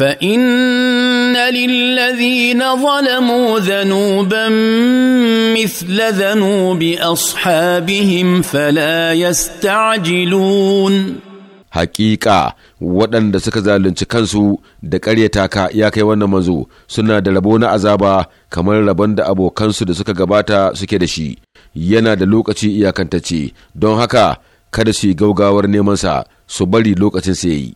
فان للذين ظلموا ذنوبا مثل ذنوب اصحابهم فلا يستعجلون Haƙiƙa, waɗanda suka zalunci kansu da ƙaryata ka ya kai wannan manzo suna da rabo na azaba kamar rabon da abokansu da suka gabata suke da shi yana da lokaci iyakantacce don haka kada su yi gaugawar nemansa su bari lokacin sai yi